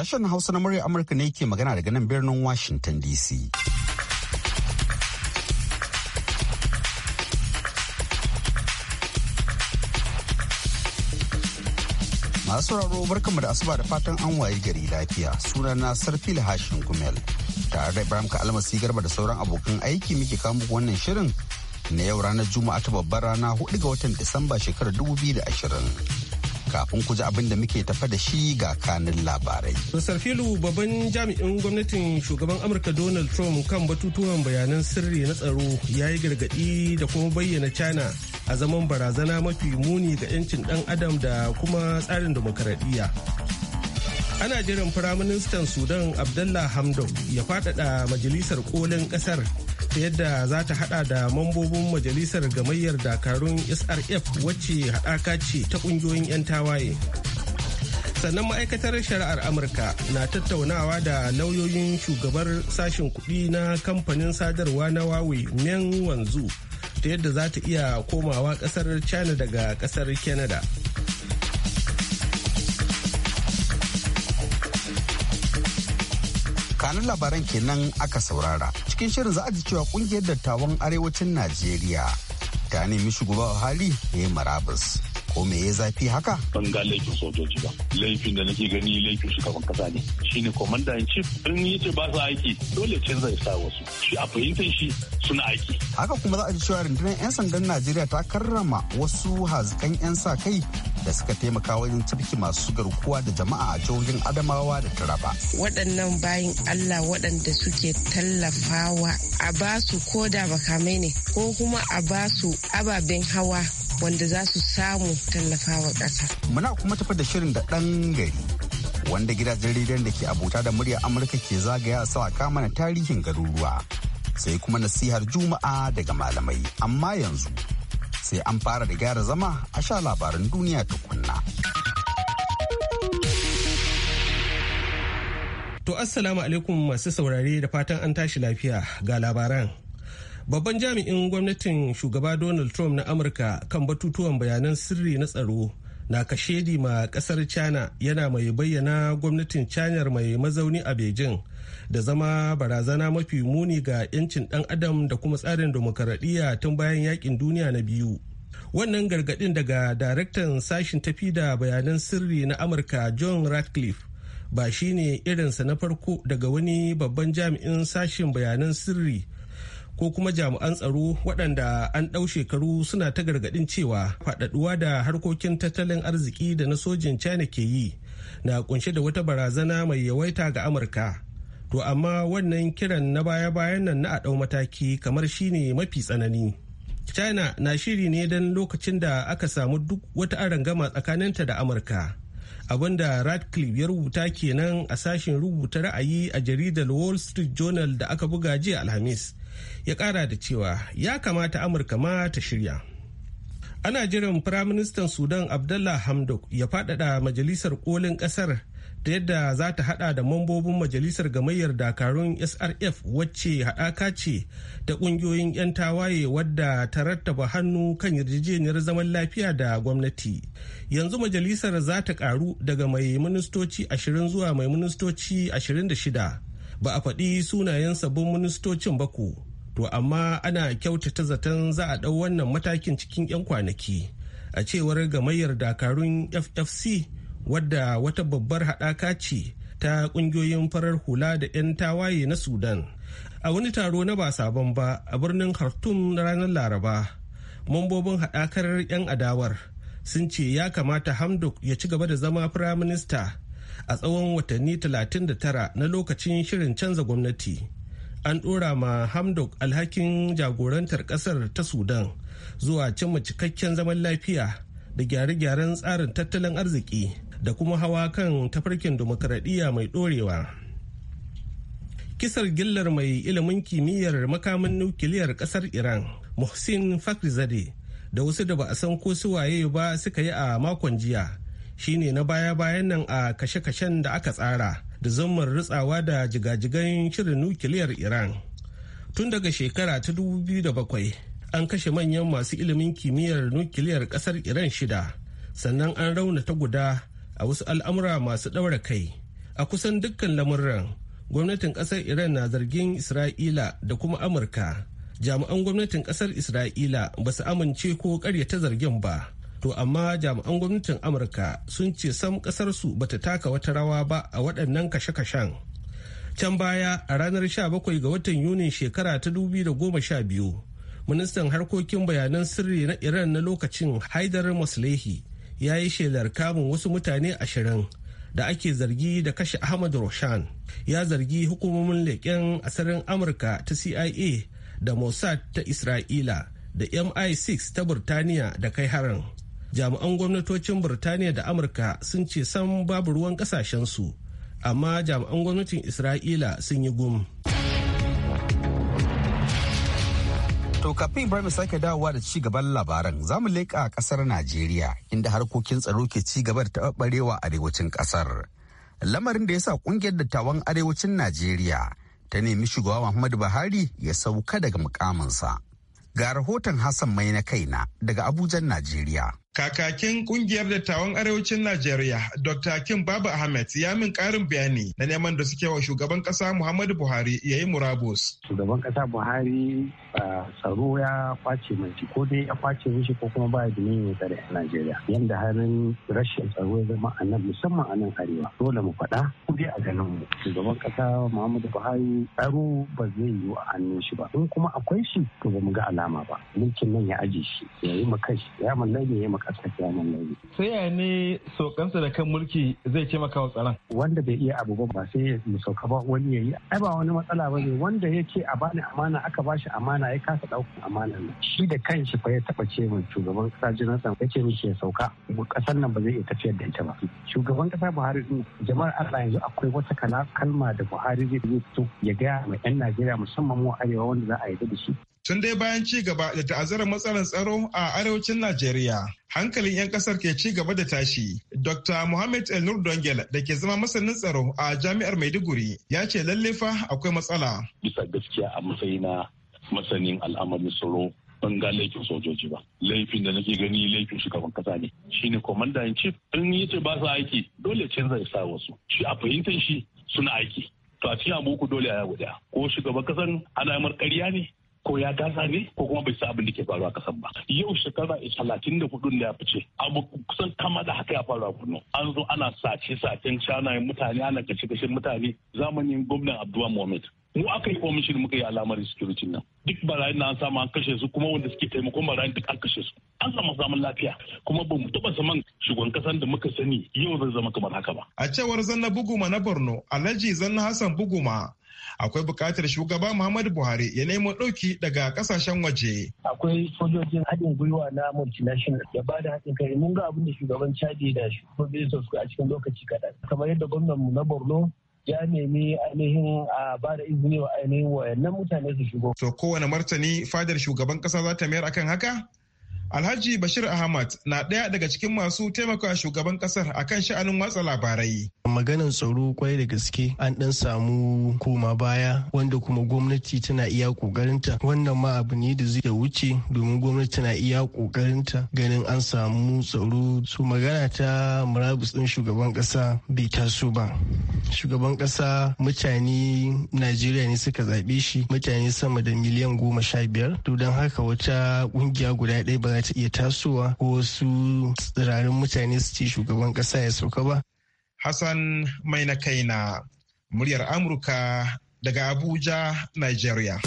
Sashen Hausa na murya Amurka ne ke magana daga nan birnin Washington DC. Masu raro barkanmu da asuba da fatan an waye gari lafiya suna na Sarfil Hashin Gumel tare da Ibrahim Almasi Garba da sauran abokan aiki muke kamu wannan shirin na yau ranar Juma'a ta babbar rana 4 ga watan Disamba shekarar 2020. kafin ku ji abin da muke tafa da shi ga kanin labarai. filu babban jami'in gwamnatin shugaban Amurka Donald Trump kan batutuwan bayanan sirri na tsaro ya yi gargaɗi da kuma bayyana China a zaman barazana mafi muni ga 'yancin ɗan adam da kuma tsarin demokaradiyya. Ana jiran Firaministan Sudan Abdullah Hamdok ya faɗaɗa majalisar kolin ƙasar ta yadda za ta hada da mambobin majalisar gamayyar dakarun srf wacce haɗaka ce ta ƙungiyoyin 'yan tawaye sannan ma'aikatar shari'ar amurka na tattaunawa da lauyoyin shugabar sashen kuɗi na kamfanin sadarwa na huawei meng wanzu ta yadda za ta iya komawa ƙasar china daga ƙasar canada kanun labaran kenan aka saurara cikin shirin za a ji cewa kungiyar dattawan arewacin najeriya ta nemi shugaba hali ya yi marabus ko me ya zafi haka? Ban ga laifin sojoji ba. Laifin da nake gani laifin shugaban kasa ne. Shi ne komanda in chief in yi ce ba su aiki dole canza ya sa wasu. Shi a fahimtar shi suna aiki. Haka kuma za a ji cewa rundunar 'yan sandan Najeriya ta karrama wasu hazikan 'yan sa kai da suka taimaka wajen tafki masu garkuwa da jama'a a jihohin Adamawa da Taraba. Waɗannan bayan Allah waɗanda suke tallafawa a basu ko da makamai ne ko kuma a basu ababen hawa wanda za su samu tallafawa ƙasa. Muna kuma tafi da shirin da ɗan gari. wanda gidajen rediyon da ke abota da murya amurka ke zagaya sa kama na tarihin garuruwa sai kuma nasihar juma'a daga malamai amma yanzu sai an fara da gyara zama a sha labarin duniya tukunna. To assalamu alaikum masu saurare da fatan an tashi lafiya ga labaran. Babban jami'in gwamnatin shugaba Donald Trump na Amurka kan batutuwan bayanan sirri na tsaro na kashedi ma kasar china yana mai bayyana gwamnatin china mai mazauni a beijing da zama barazana mafi muni ga 'yancin dan adam da kuma tsarin demokaradiyya tun bayan yakin duniya na biyu wannan gargadin daga daraktan sashin tafi da bayanan sirri na amurka john ratcliffe ba shine irinsa na farko daga wani babban jami'in sashin bayanan sirri ko kuma jami'an tsaro waɗanda an ɗau shekaru suna ta gargaɗin cewa faɗaɗuwa da harkokin tattalin arziki da na sojin china ke yi na kunshe da wata barazana mai yawaita ga amurka to amma wannan kiran na baya-bayan nan na a ɗau mataki kamar shine mafi tsanani china na shiri ne don lokacin da aka samu duk wata arangama tsakaninta da amurka da radcliffe ya rubuta kenan a sashen rubuta ra'ayi a jaridar wall street journal da aka buga jiya alhamis ya kara da cewa ya kamata amurka ma ta shirya ana jiran firaministan sudan abdullah hamdok ya faɗaɗa majalisar kolin ƙasar ta yadda za ta hada da mambobin majalisar gamayyar dakarun srf wacce haɗaka ce ta ƙungiyoyin 'yan tawaye wadda ta rattaba hannu kan yarjejeniyar zaman lafiya da gwamnati yanzu majalisar za ta karu daga mai ministoci 20 zuwa mai ministoci shida, ba a faɗi sunayen sabbin ministocin ba ku. to amma ana kyautata zaton za a ɗau wannan matakin cikin 'yan kwanaki a cewar gamayyar dakarun ffc wadda wata babbar haɗaka ce ta ƙungiyoyin farar hula da 'yan tawaye na sudan a wani taro na ba sabon ba a birnin khartoum na ranar laraba mambobin haɗakar 'yan adawar sun ce ya kamata Hamduk ya ci gaba da zama firaminista a tsawon watanni 39 na lokacin shirin canza gwamnati. an ɗora ma hamdok alhakin jagorantar ƙasar ta sudan zuwa cimma cikakken zaman lafiya da gyare-gyaren tsarin tattalin arziki da kuma hawa kan tafarkin dimokuraɗiyya mai ɗorewa kisar gillar mai ilimin kimiyyar makamin nukiliyar ƙasar iran muhsin fakrizade da wasu da ba a san ko su waye ba suka yi a makon jiya shine na baya-bayan nan a kashe-kashen da aka tsara da zammar ritsawa da jigajigan shirin nukiliyar iran tun daga shekara ta 2007 an kashe manyan masu ilimin kimiyyar nukiliyar kasar iran shida sannan an raunata guda a wasu al'amura masu ɗaura kai a kusan dukkan lamurran gwamnatin kasar iran na zargin isra'ila da kuma amurka jami'an gwamnatin kasar isra'ila ba su amince ko karyata zargin ba to amma jami'an gwamnatin amurka sun ce sam kasarsu bata taka wata rawa ba a waɗannan kashe-kashen can baya a ranar 17 ga watan yuni shekara ta 2012 ministan harkokin bayanan sirri na iran na lokacin haidar maslehi ya yi shelar kamun wasu mutane ashirin da ake zargi da kashe Ahmad Roshan ya zargi hukumomin leƙen asirin Amurka ta CIA da Mossad ta Isra'ila da MI6 ta Burtaniya da kai harin. jami'an gwamnatocin Burtaniya da Amurka sun ce san babu ruwan su. amma jami'an gwamnatin Isra'ila sun yi gum. To kafin Ibrahim sake dawowa da ci gaban labaran za mu leƙa ƙasar Najeriya inda harkokin tsaro ke ci gaba da a arewacin ƙasar. Lamarin da ya sa ƙungiyar dattawan arewacin Najeriya ta nemi shugaba Muhammadu Buhari ya sauka daga mukaminsa. Ga rahoton Hassan mai na kaina daga Abuja, Najeriya. Kakakin kungiyar dattawan arewacin Najeriya, Dr. Kim Babu Ahmed ya min karin bayani na neman da suke wa shugaban kasa Muhammadu Buhari ya yi murabus. Shugaban kasa Buhari tsaro ya kwace mai ko dai ya kwace mishi ko kuma ba da mai tsare a Najeriya. Yanda harin rashin tsaro ya zama a nan musamman a nan arewa. Dole mu faɗa ku dai a ganin mu. Shugaban kasa Muhammadu Buhari tsaro ba zai yi a hannun shi ba. In kuma akwai shi to ba mu ga alama ba. Mulkin nan ya aje shi ya yi ma kai ya mallake ya yi mu ƙasar nan sai ya ne saukansa da kan mulki zai taimaka wa tsaron. wanda bai iya abu ba ba sai mu sauka ba wani ya yi ai ba wani matsala ba ne wanda ya ce a bani amana aka ba shi amana ya kasa ɗaukan amana nan shi da kanshi fa ya taɓa ce min shugaban ƙasa sa ya ce miki ya sauka ƙasar nan ba zai iya tafiyar da ita ba shugaban ƙasa buhari din jama'ar allah yanzu akwai wata kalma da buhari zai fito ya gaya ma 'yan najeriya musamman mu arewa wanda za a yi da shi tun dai bayan ci gaba da ta'azzarar matsalar tsaro a arewacin Najeriya. Hankalin 'yan kasar ke ci gaba da tashi. Dr. Mohammed El Nur Dongel da ke zama masanin tsaro a Jami'ar Maiduguri ya ce lalle fa akwai matsala. Bisa gaskiya a matsayina masanin al'amarin tsaro ban ga laifin sojoji ba laifin da nake gani laifin shugaban kasa ne ne komanda in ci in yace ba su aiki dole canza ya sa wasu shi a fahimtar shi suna aiki to a cikin dole a guda. ko shugaban kasan alamar karya ne ko ya ne ko kuma bai sa abin da ke faruwa kasan ba yau shekara talatin da hudun da ya fice abu kusan kama da haka ya faru a Borno an zo ana sace sacen cana mutane ana kashe kashe mutane zamanin gwamnan Abdullah Mohammed mu aka yi komishin muka yi alamar security nan duk barayin na an samu an kashe su kuma wanda suke taimakon barayin duk an kashe su an samu zaman lafiya kuma ba mu taba saman shugaban kasan da muka sani yau zai zama kamar haka ba a cewar zanna buguma na borno alhaji zanna hassan buguma akwai bukatar shugaba Muhammadu Buhari ya nemo ɗauki daga kasashen waje. Akwai sojojin haɗin gwiwa na multinational da ba da haɗin kai mun ga abin da shugaban Chadi da shugaban suka a cikin lokaci kaɗan. Kamar yadda gwamnan mu na Borno ya nemi ainihin a ba da izini wa ainihin wayannan mutane su shigo. To kowane martani fadar shugaban ƙasa za ta mayar akan haka? Alhaji Bashir Ahmad na ɗaya daga cikin masu taimakawa shugaban ƙasar a kan sha'anin watsa labarai. maganar tsaro kwarai da gaske an ɗan samu koma baya wanda kuma gwamnati tana iya ƙoƙarinta. Wannan ma abu ne da zai wuce domin gwamnati tana iya ƙoƙarinta ganin an samu tsaro. Su magana ta murabus ɗin shugaban ƙasa bai taso ba. Shugaban ƙasa mutane Najeriya ne suka zaɓe shi mutane sama da miliyan goma sha biyar. To don haka wata ƙungiya guda ɗaya ba za ta iya tasowa ko wasu tsirarin mutane su ce shugaban kasa ya sauka ba. Hassan mai na kai na muryar Amurka daga Abuja, Nigeria.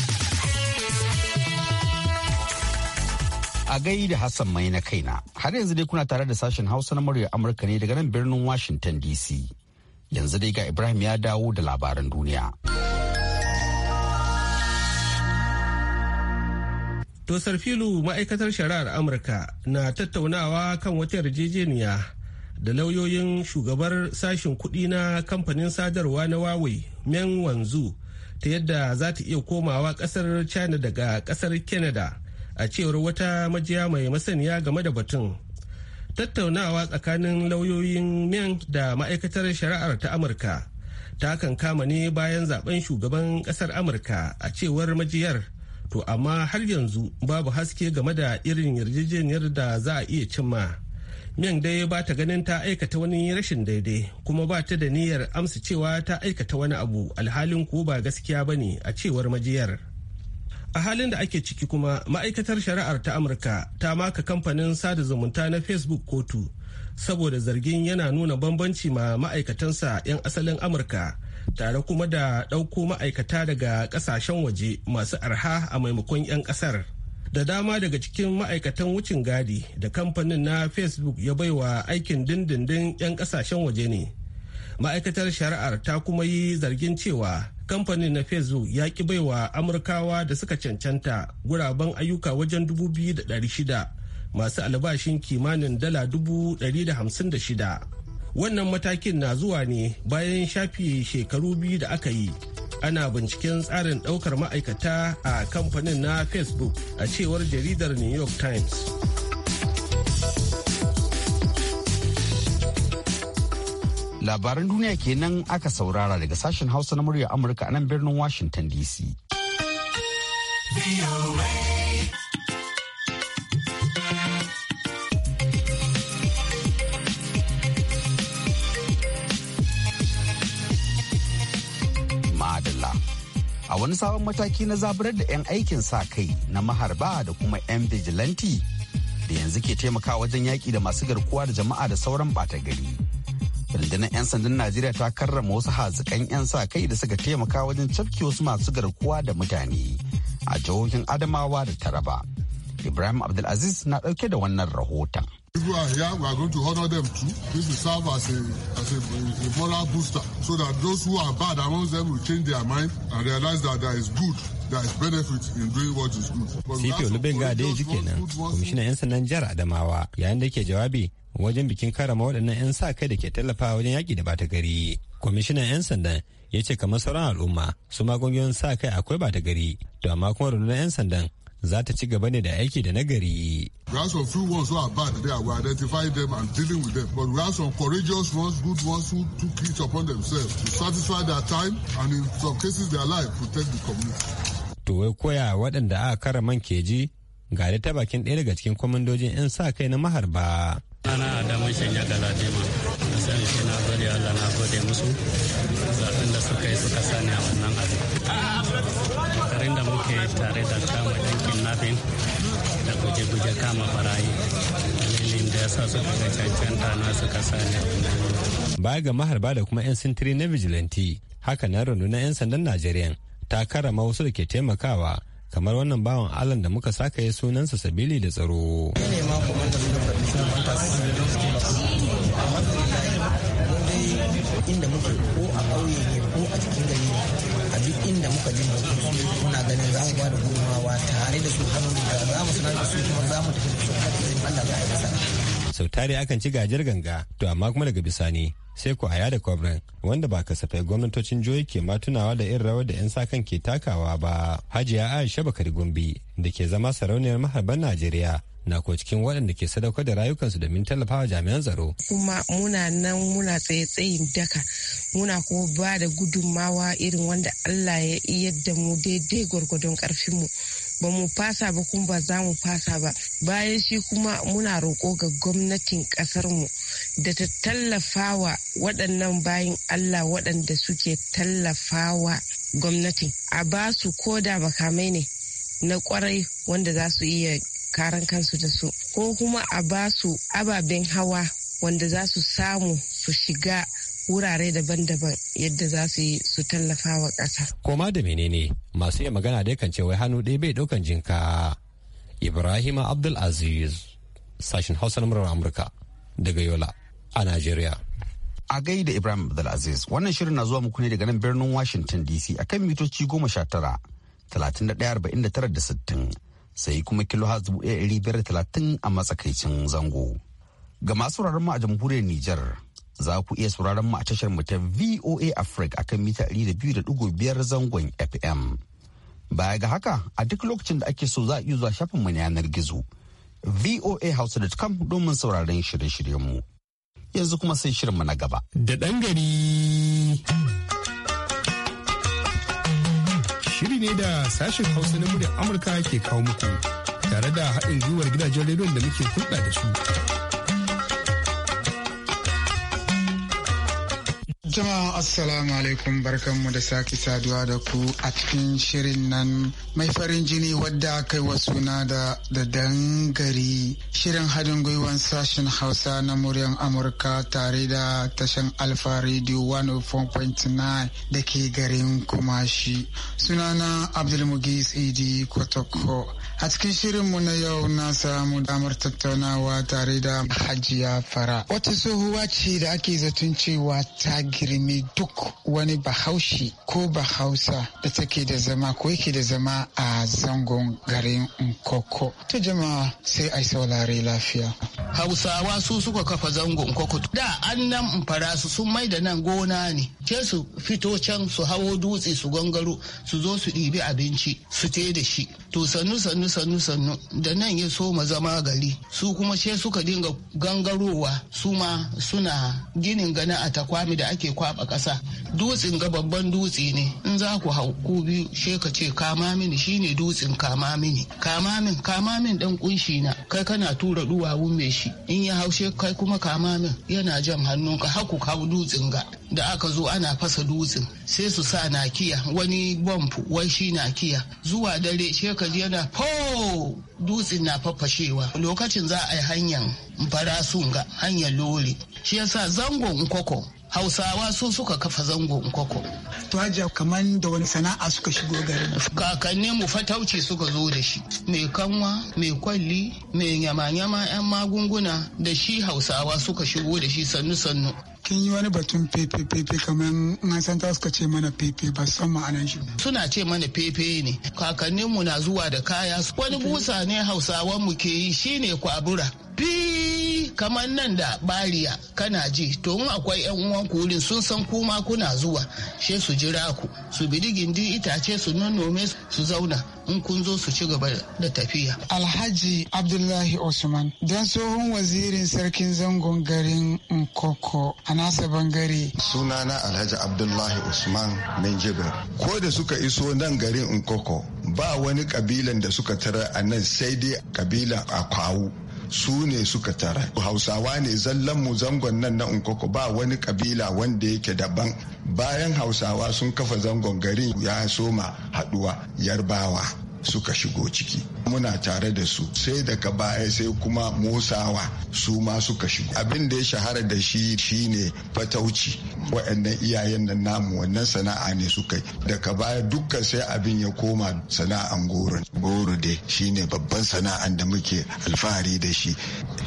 A gai da Hassan mai na kaina, har yanzu dai kuna tare da sashen Hausa na muryar Amurka ne daga nan birnin Washington DC. Yanzu dai ga Ibrahim ya dawo da labaran duniya. Tosar filu ma'aikatar shari'ar Amurka na tattaunawa kan wata yarjejeniya da lauyoyin shugabar sashen kudi na kamfanin sadarwa na Huawei Meng Wanzu ta yadda za ta iya komawa kasar China daga kasar Canada a cewar wata majiya mai masaniya game da batun. Tattaunawa tsakanin lauyoyin Meng da ma'aikatar shari'ar ta Amurka ta kan kama ne bayan zaben shugaban kasar Amurka a cewar majiyar. to amma har yanzu babu haske game da irin yarjejeniyar da za a iya cimma miyan dai ba ta ganin ta aikata wani rashin daidai kuma ba ta da niyyar amsa cewa ta aikata wani abu alhalin ko ba gaskiya ba ne a cewar majiyar a halin da ake ciki kuma ma'aikatar shari'ar ta amurka ta maka kamfanin sada zumunta na facebook kotu saboda zargin yana nuna bambanci ma ma'aikatansa 'yan asalin amurka tare kuma da ɗauko ma'aikata daga ƙasashen waje masu arha a maimakon 'yan ƙasar. Da dama daga cikin ma'aikatan wucin gadi da kamfanin na Facebook ya baiwa aikin dindindin 'yan ƙasashen waje ne. Ma'aikatar shari'ar ta kuma yi zargin cewa kamfanin na Facebook ya ki baiwa Amurkawa da suka cancanta guraben ayyuka wajen shida masu albashin kimanin dala dubu da da hamsin shida. wannan matakin na zuwa ne bayan shafi shekaru biyu da aka yi ana binciken tsarin ɗaukar ma'aikata a kamfanin na facebook a cewar jaridar new york times labaran duniya kenan aka saurara daga sashen hausa na murya amurka a nan birnin washington dc a wani sabon mataki na zaburar da 'yan aikin sa kai na maharba da kuma 'yan bijilanti da yanzu ke taimaka wajen yaƙi da masu garkuwa da jama'a da sauran bata gari. Rundunar 'yan sandan Najeriya ta karrama wasu hazikan 'yan sa kai da suka taimaka wajen cafke wasu masu garkuwa da mutane a jihohin Adamawa da Taraba. Ibrahim Abdulaziz na ɗauke da wannan rahoton. People are here, we are going to honor them too. This will serve as a, as a, a moral booster so that those who are bad amongst them will change their mind and realize that there is good Sifio Lubenga Adeji kenan, kwamishinan 'yan sandan jihar Adamawa yayin da ke jawabi wajen bikin karama waɗannan 'yan sa kai da ke tallafawa wajen yaƙi da bata gari. Kwamishinan 'yan sandan ya ce kamar sauran al'umma su ma ƙungiyoyin sa kai akwai bata gari, to amma kuma rundunar 'yan sandan za ta ci gaba ne da aiki da nagari. We have some few ones who are bad there. We identify them and dealing with them. But we have some courageous ones, good ones who took it upon themselves to satisfy their time and in some cases their life protect the community. To wai koya waɗanda aka kara man keji ga da ta bakin ɗaya daga cikin kwamandojin 'yan sa kai na maharba. Ana da mun shanya galadima. Na sani shi na gode Allah na gode musu. Zaɓen da suka yi suka sani a wannan abin. Karin da muke tare da kamar kidnapping da guje-guje kama barayi dalilin da ya sa suka ga cancanta na suka sani baya ga maharba da kuma 'yan sintiri na vigilante haka na rundunar 'yan sandan najeriya ta karama wasu da ke taimakawa kamar wannan bawan allen da muka saka ya sunansa sabili da tsaro. inda muke ko a ƙauye muka jin muna ganin za mu ba da gudunmawa tare da su hannun da za mu sanar da su kuma za mu tafi da su kan izinin Allah za a yi nasara. sau tare akan ci gajiyar ganga to amma kuma daga bisani sai ku aya da kwabran wanda ba kasafai gwamnatocin jihohi ke ma tunawa da irin rawar da 'yan sakan ke takawa ba hajiya aisha bakar gombe da ke zama sarauniyar maharban najeriya na ko cikin waɗanda ke sadaukar da rayukansu domin tallafawa jami'an tsaro. Kuma muna nan muna tsaye tsayin daka muna kuma ba da gudunmawa irin wanda Allah ya yadda mu daidai gwargwadon mu ba mu fasa ba kuma ba za mu fasa ba bayan shi kuma muna roƙo ga gwamnatin ƙasarmu da ta tallafawa waɗannan bayan allah waɗanda suke tallafawa gwamnatin a ba su koda makamai ne na ƙwarai wanda za su iya karan kansu da su ko kuma a ba su ababen hawa wanda za su samu su shiga wurare daban-daban yadda za su yi su tallafa wa ƙasa. Koma da menene masu iya magana da kan cewa hannu ɗaya bai ɗaukan jinka. Ibrahim Abdul Aziz, sashen Hausa na murar Amurka daga Yola a Najeriya. A da Ibrahim Abdul Aziz, wannan shirin na zuwa muku ne daga nan birnin Washington DC a kan mitoci goma sha tara, talatin da ɗaya arba'in da tara da sittin, sai kuma kilo zubu ɗaya ɗari biyar da talatin a matsakaicin zango. Ga masu mu a jamhuriyar Nijar, za ku iya sauraron mu a tashar mu ta VOA Africa akan mita 200.5 zangon FM. Baya ga haka a duk lokacin da ake so za a iya zuwa shafin mu na yanar gizo. voahouse.com domin sauraron shirye shiryen mu Yanzu kuma sai shirinmu na gaba. Da ɗan gari. Shiri ne da sashen Hausa na muryar Amurka ke kawo muku tare da haɗin gwiwar gidajen rediyon da muke hulɗa da su. Jama'a Assalamu alaikum barkanmu da sake saduwa da ku a cikin shirin nan mai farin jini wadda aka yi suna da da dangari shirin haɗin gwiwan sashen Hausa na muryan Amurka tare da tashan Alfa Radio 104.9 da ke garin Kumashi. Sunana Abdulmugis Idi Kotoko. A cikin shirinmu na yau na samu damar tattaunawa tare da Hajiya Fara. Wata tsohuwa ce da ake zaton cewa ta kirimi duk wani bahaushe ko bahausa da take da zama ko yake da zama a zangon garin nkoko to jama'a sai a saurari lafiya hausawa su suka kafa zangon kwakwato da an nan fara su sun mai da nan gona ne ke su fito can su hawo dutse su gangaro su zo su ɗibi abinci su te da shi to sannu sannu sannu sannu da nan ya soma zama gari su kuma ce suka dinga gangarowa su ma suna ginin gana a takwami da ake kwaba ƙasa dutsen ga babban dutse ne in za ku hau ku biyu she ka ce kama mini shine dutsen kama mini kama min kama min dan kunshi na kai kana tura duwawun mai shi shi in ya haushe kai kuma kama min yana jan ka haku ka dutsen ga da aka zo ana fasa dutsen sai su sa nakiya wani bomb wai shi nakiya zuwa dare shekaji yana po dutsen na fafashewa lokacin za a yi hanyar farasun ga hanyar lori shi yasa zangon koko hausawa su suka kafa zangon kwakwa. to hajiya kamar da wani sana'a suka shigo garin kakanni mu fatauci suka zo da shi mai kanwa mai kwalli mai nyama-nyama yan magunguna da shi hausawa suka shigo da shi sannu-sannu kin yi wani batun fefe-fefe kamar ta suka ce mana fefe ba san ma'anan shi suna ce mana fefe ne kakanninmu na zuwa da kaya wani busa ne hausawan mu ke yi shine kwabura fi kamar nan da bariya kana ji to in akwai yan uwan wurin sun san kuma kuna zuwa she su jira ku su bi din itace su nonnome su zauna in kun zo su ci gaba da tafiya. Alhaji Abdullahi Usman dan tsohon wazirin sarkin zangon garin Nkoko a nasa bangare. Sunana Alhaji Abdullahi Usman jibir. Ko da suka iso nan garin Nkoko ba wani kabilan da suka tara a nan sai dai a kawu. su ne suka tara hausawa ne zallan mu zangon nan na unkoko ba wani kabila wanda yake daban bayan hausawa sun kafa zangon garin ya soma haduwa yarbawa suka shigo ciki muna tare da su sai daga baya sai kuma motsawa su ma suka shigo abin da ya shahara da shi shine fatauci waɗannan iyayen nan namu wannan sana'a ne suka yi daga baya dukkan sai abin ya koma sana'an goro goro dai shine babban sana'an da muke alfahari da shi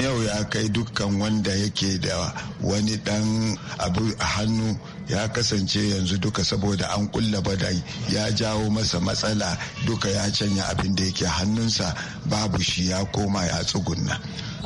yau ya kai dukkan wanda yake da wani dan abu a hannu ya kasance yanzu duka saboda an kulla badai ya jawo masa matsala duka ya canya abin da yake hannunsa babu shi ya koma ya tsugunna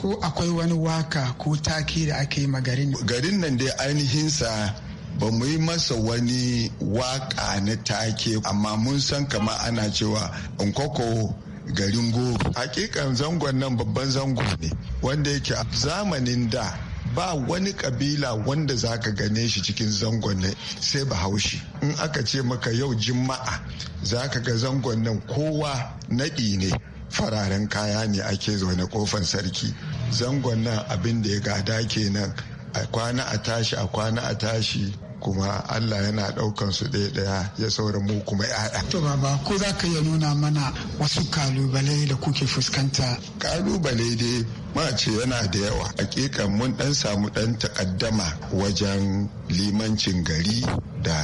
ko akwai wani waka ko taki da ake magarin garin nan dai ainihinsa ba mu yi masa wani waka na take amma mun san kama ana cewa nkoko garin gobe hakikan zangon nan babban zango ne wanda yake zamanin da ba wani kabila wanda za ka gane shi cikin zangon sai bahaushe in aka ce maka yau juma'a za ka ga zangon nan kowa naɗi ne fararen kaya ne ake zaune kofan sarki zangon nan abin da ya gada kenan a kwana a tashi a kwana a tashi kuma Allah yana ɗaukan su ɗaya ɗaya ya saura mu kuma ya'ya. To baba ko za ka iya nuna mana wasu kalubale da kuke fuskanta? Kalubale dai ma ce yana da yawa. Hakika mun ɗan samu ɗan takaddama wajen limancin gari da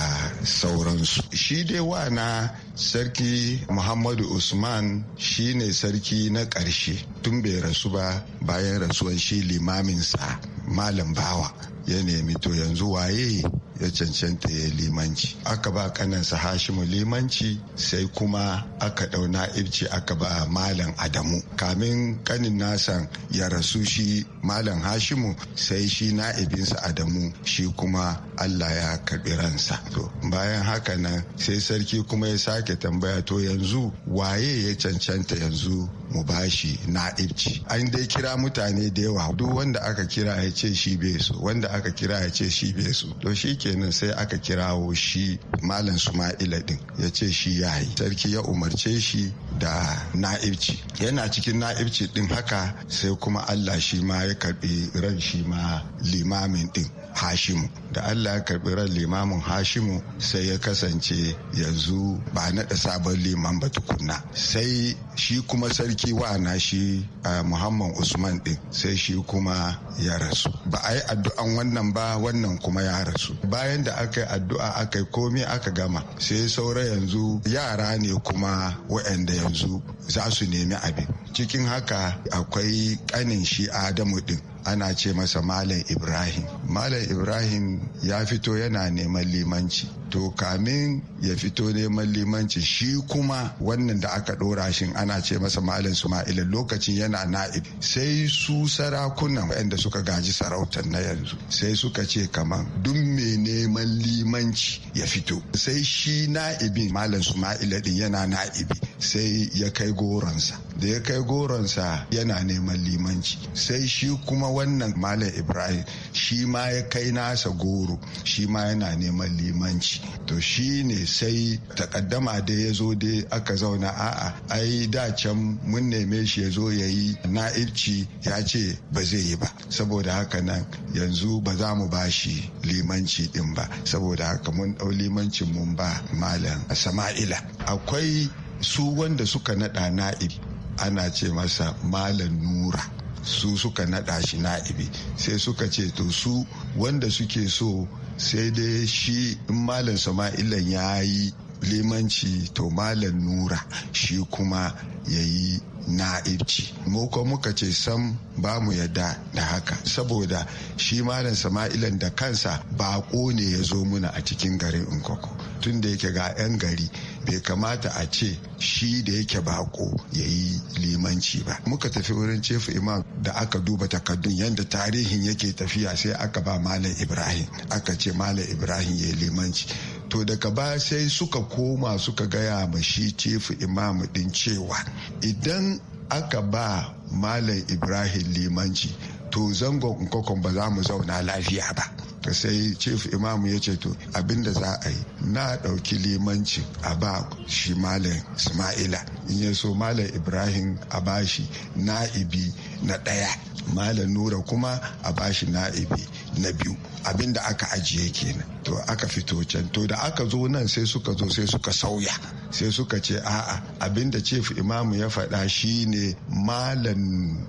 sauransu. Shi dai wana sarki Muhammadu Usman shi ne sarki na ƙarshe tun bai rasu ba bayan rasuwan shi limaminsa Malam Bawa. ya nemi to yanzu waye ya cancanta ya limanci aka ba kanansa hashimu limanci sai kuma aka dauna na'ibci aka ba malam adamu kamin kanin nasan ya rasu shi malam hashimu sai shi na'ibinsa adamu shi kuma allah ya karbi ransa to bayan haka nan sai sarki kuma ya sake tambaya to yanzu waye ya cancanta yanzu mu bashi na'ibci an dai kira mutane da yawa duk wanda aka kira ya ce shi bai so wanda aka kira ya ce shi bai so to shi kenan sai aka kirawo shi malam suma'ila din ya ce shi ya yi sarki ya umarce shi da na'ibci yana cikin na'ibci din haka sai kuma allah shi ma ya karbi ran shi ma limamin din hashimu da allah ya karbi ran limamin hashimu sai ya kasance yanzu ba naɗa sabon liman ba tukunna sai shi kuma sarki wa na shi muhammad usman din sai shi kuma ya rasu ba a yi addu'an wannan ba wannan kuma ya rasu bayan da aka yi addu'a aka yi komi aka gama sai saura yanzu yara ne kuma wa'anda yanzu za su nemi abin cikin haka akwai ƙanin shi adamu din ana ce masa Malam Ibrahim. Malam Ibrahim ya fito yana neman limanci. to kamin ya fito neman limanci shi kuma wannan da aka ɗora shi ana ce masa malam suma'ila lokacin yana na'ib sai su sarakunan waɗanda suka gaji sarautar na yanzu sai suka ce kaman duk mai neman limanci ya fito sai shi na'ibin malam suma'ila din yana na'ibi sai ya kai goronsa da ya kai goronsa yana neman limanci sai shi kuma wannan malam ibrahim shi ma ya kai nasa goro shi ma yana neman limanci to shi ne sai takaddama da ya zo dai aka zauna a'a ai da can mun neme shi ya zo ya yi na'ibci ya ce ba zai yi ba saboda haka nan yanzu ba za mu ba shi limanci din ba saboda haka mun ɗau limancin mun ba malam sama'ila akwai su wanda suka naɗa na'ib ana ce masa malam nura su suka naɗa shi na'ibi sai suka ce to su wanda suke so sai dai shi in malam sama'ilan ya yi limanci to malam nura shi kuma ya yi na'ibci muka muka ce sam ba mu yadda da haka saboda shi malam sama'ilan da kansa baƙo ne ya zo muna a cikin garin inkoko tun da yake ga 'yan gari bai kamata a ce shi da yake bako ya yi limanci ba muka tafi wurin cefu imam da aka duba takaddun yadda tarihin yake tafiya sai aka ba malam ibrahim aka ce malam ibrahim ya yi limanci to daga ba sai suka koma suka gaya ma shi cefu imam din cewa idan aka ba malam ibrahim limanci to zangon nkokon ba za mu zauna lafiya ba sai chief imam ya ce to abinda za a yi na dauki limanci a ba shi malam ismaila in ya so malam ibrahim a ba shi na'ibi na ɗaya malam nura kuma a ba bashi na'ibi na biyu abin da aka ajiye kenan to aka fito can to da aka zo nan sai suka zo sai suka sauya sai suka ce a'a abin da chief imamu ya faɗa shine malam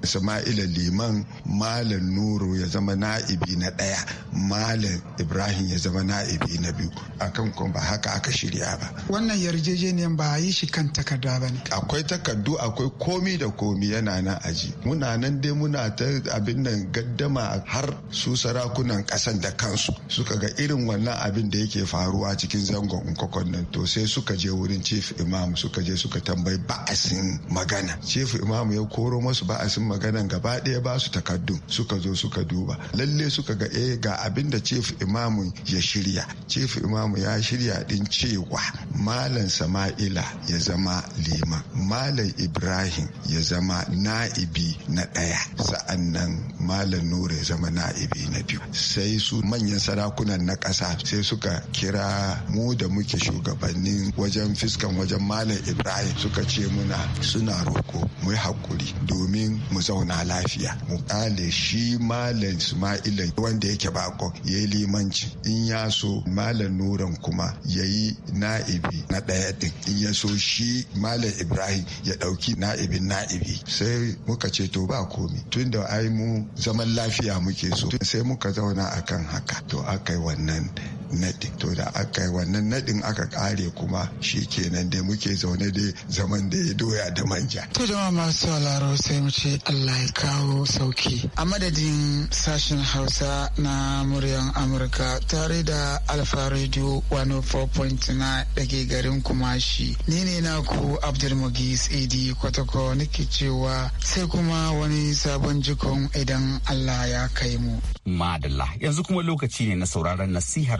isma'ila liman malam nuru ya zama na'ibi na ɗaya malam ibrahim ya zama na'ibi na biyu akan kuma ba haka aka shirya ba wannan yarjejeniyan ba a yi shi kan takarda ba ne akwai takardu akwai komi da komi yana nan aji muna nan dai muna ta abin nan gaddama har su sarakunan ƙasan da kansu suka ga irin wannan abin da yake faruwa cikin zangon nkokon nan to sai suka je wurin chief imam suka je suka tambayi ba'asin magana chief imam ya koro masu ba'asin maganan gaba ɗaya ba su takardun suka zo suka duba lalle suka ga eh ga abin da chief imam ya shirya chief imam ya shirya din cewa malam sama'ila ya zama liman malam ibrahim ya zama na'ibi na ɗaya sa'annan malam nura ya zama na'ibi na biyu sai su su manyan sarakunan na ƙasa sai suka kira mu da muke shugabannin wajen fiskan wajen malam ibrahim suka ce muna suna roko mu yi haƙuri domin mu zauna lafiya mu kale shi malam ismaila wanda yake bako ya yi limanci in ya so malam nuran kuma ya yi na'ibi na ɗaya ɗin in ya so shi malam ibrahim ya ɗauki na'ibin na'ibi sai muka ce to ba komi tun da ai mu zaman lafiya muke so sai muka zauna akan haka to aka yi wannan naɗi to da aka yi wannan naɗin aka ƙare kuma shi kenan da muke zaune dai zaman da ya doya da manja. To jama'a masu alaro sai mu ce Allah ya kawo sauki. A madadin sashen Hausa na muryan Amurka tare da Alfa Radio 104.9 da ke garin Kumashi. Ni ne naku Abdulmugis Idi Kwatako nake cewa sai kuma wani sabon jikon idan Allah ya kai mu. Madalla yanzu kuma lokaci ne na sauraron nasihar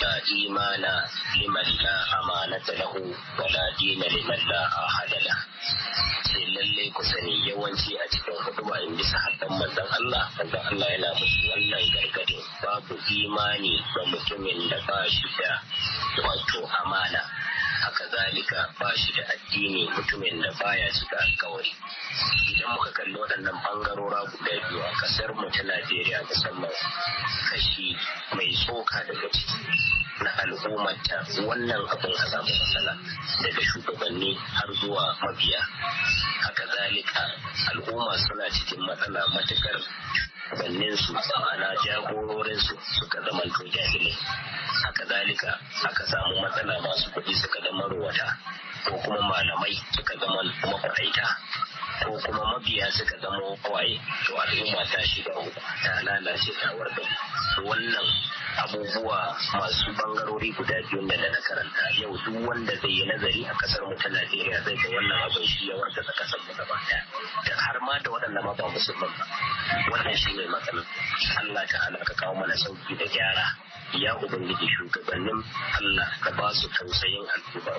da imana na la amanata na wa la dina liman la ahadala sai lalle ku sani yawanci a cikin hudu ba in bisa sabon manzon Allah manzon Allah yana musu wannan gargadi babu imani ga mutumin da ba shi da wato amana haka zalika ba shi da addini mutumin da baya cika alkawari idan muka kalli waɗannan bangarora guda biyu a ƙasar mu ta Najeriya musamman kashi mai tsoka daga ciki na ta wannan abin a samu matsala daga shugabanni har zuwa mabiya haka zalika al'umma suna cikin matsala matukar banninsu ma'ana jagororinsu suka zamanto jahilai haka zalika aka samu matsala masu kuɗi suka zama ruwata ko kuma malamai suka zama makwaɗaita ko kuma mabiya suka zama kwaye to al'umma ta shiga uku ta lalace ta warda wannan abubuwa masu bangarori guda biyu da na karanta yau duk wanda zai yi nazari a kasar mu ta Najeriya zai ga wannan abin shi ya warda ta kasar mu gaba da har ma da waɗannan ma ba musulman ba wannan shi ne matsalar Allah ta'ala ka kawo mana sauki da gyara ya ubangiji shugabannin Allah ka ba su tausayin al'umma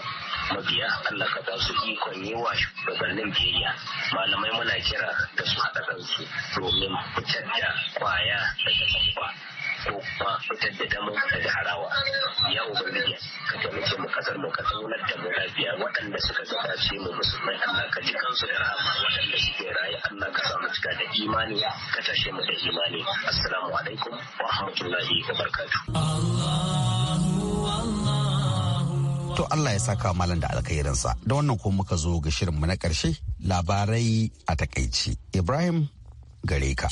mabiya Allah ka ba su ikon yi wa shugabannin biyayya malamai muna kira da su haɗa kansu domin fitar da kwaya daga kwakwa ko kuma fitar da damu daga harawa ya ubangiji ka taimake mu kasar mu ka zaunar da mu lafiya waɗanda suka ce mu musulmai Allah ka ji kansu da rahama waɗanda suke raye Allah ka samu cika da imani ka tashe mu da imani assalamu alaikum wa rahmatullahi wa barakatuh To Allah ya saka malam da alkhairinsa. Da wannan ko muka zo ga shirinmu na karshe labarai a takaici. Ibrahim gare ka.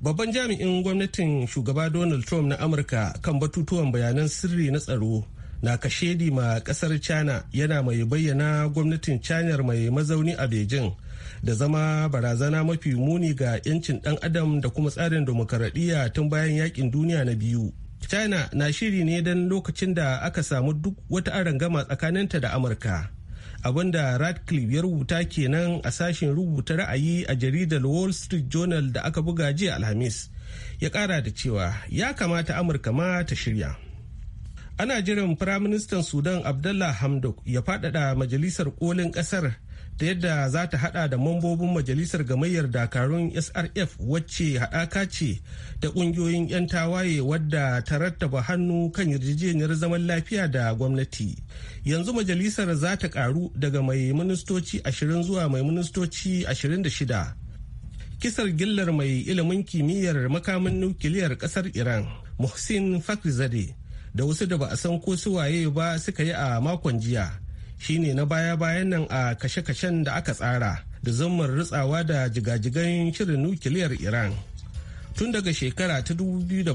Babban jami'in gwamnatin shugaba Donald Trump na Amurka kan batutuwan bayanan sirri na tsaro na kashedi ma kasar China yana mai bayyana gwamnatin China mai mazauni a Beijing da zama barazana mafi muni ga 'yancin dan adam da kuma tsarin demokaradiyya tun bayan yakin duniya na biyu. china na shiri ne don lokacin da aka samu duk wata arangama tsakaninta da amurka abinda radcliffe ya rubuta kenan a sashen rubuta ra'ayi a jaridar wall street journal da aka buga jiya alhamis ya kara da cewa ya kamata amurka ma ta shirya ana jiran firaministan sudan abdullah hamdok ya faɗaɗa majalisar kolin ƙasar ta yadda za ta hada da mambobin majalisar gamayyar dakarun srf wacce haɗaka ce ta ƙungiyoyin 'yan tawaye wadda ta rattaba hannu kan yarjejeniyar zaman lafiya da gwamnati yanzu majalisar za ta karu daga mai ministoci 20 zuwa mai ministoci 26 kisar gillar mai ilimin kimiyyar makamin nukiliyar kasar iran muhsin fakhrizadeh da wasu da ba a san ko su waye ba suka yi a makon jiya shine na baya-bayan nan a kashe-kashen da aka tsara da zammar Rutsawa da jigajigan shirin nukiliyar iran tun daga shekara ta 2007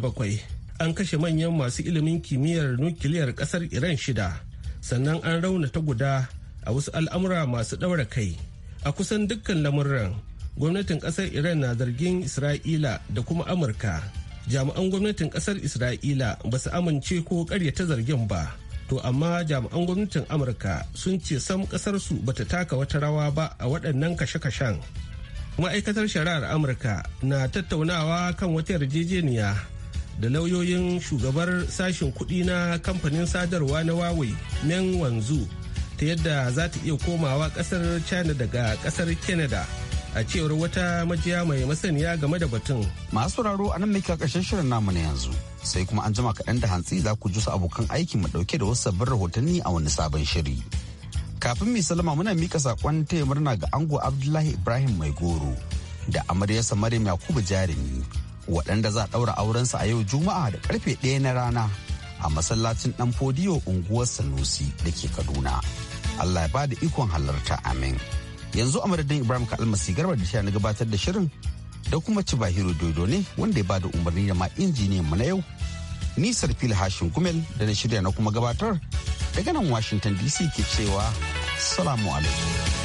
an kashe manyan masu ilimin kimiyyar nukiliyar kasar iran shida sannan an raunata guda a wasu al'amura masu ɗaura kai a kusan dukkan lamurran gwamnatin kasar iran na zargin isra'ila da kuma amurka jami'an gwamnatin kasar isra'ila ba su amince ko karyata zargin ba To amma jami'an gwamnatin Amurka sun ce sam kasarsu bata taka wata rawa ba a waɗannan kashe-kashen. Ma'aikatar shari'ar Amurka na tattaunawa kan wata yarjejeniya da lauyoyin shugabar sashen kuɗi na kamfanin sadarwa na Huawei Meng Wanzu ta yadda za ta iya komawa ƙasar China daga ƙasar Canada. a cewar wata majiya mai masaniya game da batun. Masu sauraro a nan muke ƙarshen shirin namu na yanzu. sai kuma an jima kaɗan da hantsi za ku ji jusa abokan aiki mu ɗauke da wasu sabbin rahotanni a wani sabon shiri. Kafin mai salama muna mika saƙon taya murna ga ango Abdullahi Ibrahim Mai Goro da amaryarsa Maryam Yakubu Jarumi waɗanda za a ɗaura aurensa a yau Juma'a da ƙarfe ɗaya na rana a masallacin ɗan fodiyo unguwar Sanusi da ke Kaduna. Allah ya ba da ikon halarta amin. Yanzu a madadin Ibrahim Kalmasi Garba da shi na gabatar da shirin da kuma Cibahiro Dodo ne wanda ya bada umarni da ma injiniyan mu na yau. Ni Sarfil Hashin kumel da na shirya na kuma gabatar daga nan Washington DC ke cewa Salamu alaikum.